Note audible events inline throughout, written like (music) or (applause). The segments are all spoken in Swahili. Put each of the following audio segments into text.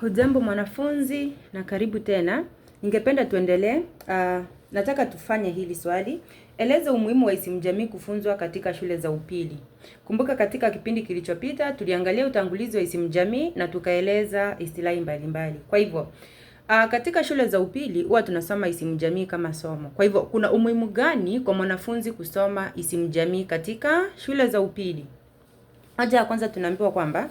Hujambo mwanafunzi na karibu tena. Ningependa tuendelee. Uh, nataka tufanye hili swali. Eleza umuhimu wa isimu jamii kufunzwa katika shule za upili. Kumbuka katika kipindi kilichopita tuliangalia utangulizi wa isimu jamii na tukaeleza istilahi mbalimbali. Kwa hivyo, uh, katika shule za upili huwa tunasoma isimu jamii kama somo. Kwa hivyo, kuna umuhimu gani kwa mwanafunzi kusoma isimu jamii katika shule za upili? Haja ya kwanza tunaambiwa kwamba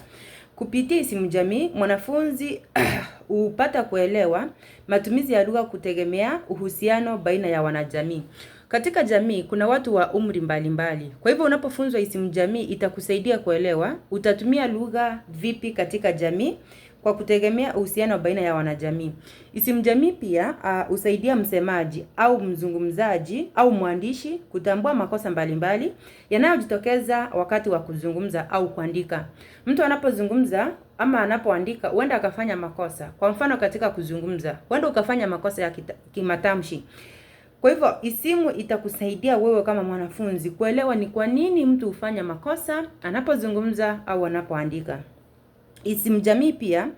Kupitia isimu jamii, mwanafunzi (clears throat) hupata kuelewa matumizi ya lugha kutegemea uhusiano baina ya wanajamii. Katika jamii kuna watu wa umri mbalimbali. Kwa hivyo unapofunzwa isimu jamii itakusaidia kuelewa utatumia lugha vipi katika jamii, kwa kutegemea uhusiano baina ya wanajamii. Isimu jamii pia uh, usaidia msemaji au mzungumzaji au mwandishi kutambua makosa mbalimbali yanayojitokeza wakati wa kuzungumza au kuandika. Mtu anapozungumza ama anapoandika huenda akafanya makosa. Kwa mfano, katika kuzungumza huenda ukafanya makosa ya kimatamshi. Kwa hivyo isimu itakusaidia wewe kama mwanafunzi kuelewa ni kwa nini mtu hufanya makosa anapozungumza au anapoandika. Isimjamii pia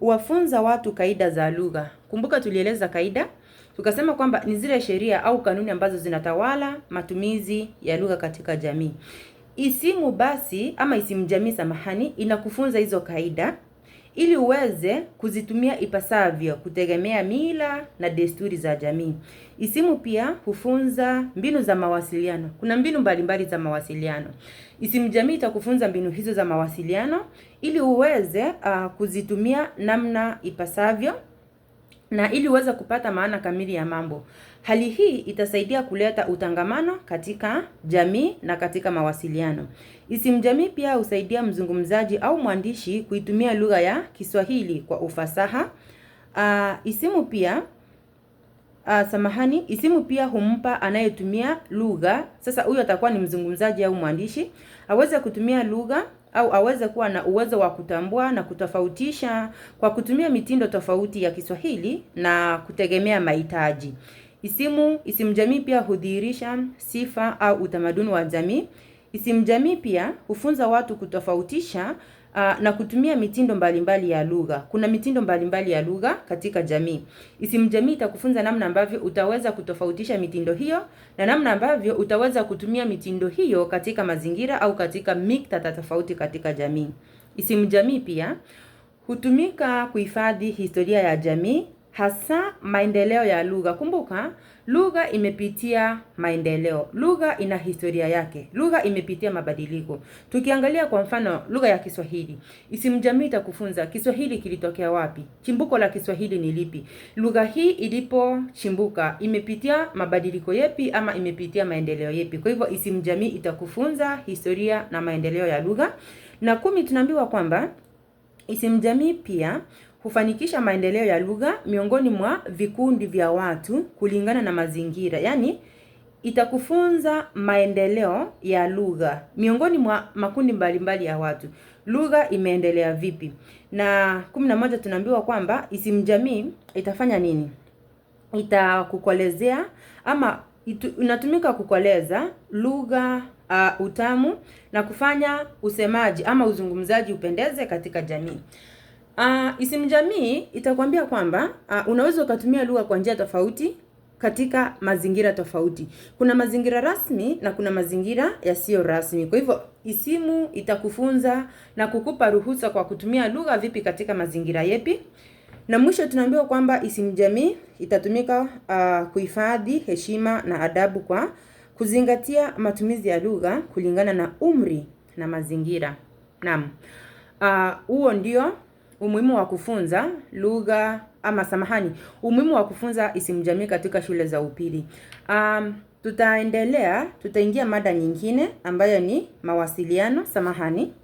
huwafunza watu kaida za lugha. Kumbuka tulieleza kaida, tukasema kwamba ni zile sheria au kanuni ambazo zinatawala matumizi ya lugha katika jamii. Isimu basi ama isimjamii, samahani, inakufunza hizo kaida ili uweze kuzitumia ipasavyo kutegemea mila na desturi za jamii. Isimu pia hufunza mbinu za mawasiliano. Kuna mbinu mbalimbali za mawasiliano. Isimu jamii itakufunza mbinu hizo za mawasiliano ili uweze uh, kuzitumia namna ipasavyo na ili uweze kupata maana kamili ya mambo. Hali hii itasaidia kuleta utangamano katika jamii na katika mawasiliano. Isimu jamii pia husaidia mzungumzaji au mwandishi kuitumia lugha ya Kiswahili kwa ufasaha. Uh, isimu pia Uh, samahani, isimu pia humpa anayetumia lugha. Sasa huyo atakuwa ni mzungumzaji au mwandishi aweze kutumia lugha au aweze kuwa na uwezo wa kutambua na kutofautisha kwa kutumia mitindo tofauti ya Kiswahili na kutegemea mahitaji. Isimu isimu jamii pia hudhihirisha sifa au utamaduni wa jamii. Isimu jamii pia hufunza watu kutofautisha uh, na kutumia mitindo mbalimbali mbali ya lugha. Kuna mitindo mbalimbali mbali ya lugha katika jamii. Isimu jamii itakufunza namna ambavyo utaweza kutofautisha mitindo hiyo na namna ambavyo utaweza kutumia mitindo hiyo katika mazingira au katika miktata tofauti katika jamii. Isimu jamii pia hutumika kuhifadhi historia ya jamii hasa maendeleo ya lugha. Kumbuka, lugha imepitia maendeleo, lugha ina historia yake, lugha imepitia mabadiliko. Tukiangalia kwa mfano lugha ya Kiswahili, isimu jamii itakufunza Kiswahili kilitokea wapi, chimbuko la Kiswahili ni lipi, lugha hii ilipochimbuka imepitia mabadiliko yepi ama imepitia maendeleo yepi. Kwa hivyo isimu jamii itakufunza historia na maendeleo ya lugha. Na kumi, tunaambiwa kwamba isimu jamii pia kufanikisha maendeleo ya lugha miongoni mwa vikundi vya watu kulingana na mazingira. Yaani itakufunza maendeleo ya lugha miongoni mwa makundi mbalimbali ya watu, lugha imeendelea vipi. Na kumi na moja tunaambiwa kwamba isimu jamii itafanya nini? Itakukolezea ama itu, inatumika kukoleza lugha uh, utamu na kufanya usemaji ama uzungumzaji upendeze katika jamii. Uh, ah, isimu jamii itakwambia kwamba uh, unaweza ukatumia lugha kwa njia tofauti katika mazingira tofauti. Kuna mazingira rasmi na kuna mazingira yasiyo rasmi. Kwa hivyo isimu itakufunza na kukupa ruhusa kwa kutumia lugha vipi katika mazingira yepi. Na mwisho tunaambiwa kwamba isimu jamii itatumika uh, kuhifadhi heshima na adabu kwa kuzingatia matumizi ya lugha kulingana na umri na mazingira. Naam. Huo ndio Umuhimu wa kufunza lugha ama, samahani, umuhimu wa kufunza isimu jamii katika shule za upili. Um, tutaendelea, tutaingia mada nyingine ambayo ni mawasiliano. Samahani.